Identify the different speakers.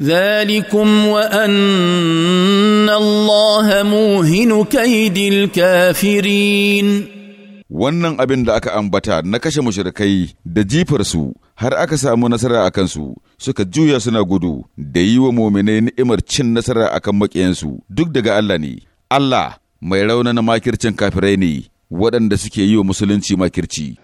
Speaker 1: ذلكم وان الله موهن
Speaker 2: كيد الكافرين wannan abin da aka ambata na kashe mushrikai da jifarsu har aka samu nasara a kansu suka juya suna gudu da yi wa mominai ni'imar cin nasara a kan maƙiyansu duk daga Allah ne Allah mai raunana makircin kafirai ne waɗanda suke yi wa musulunci makirci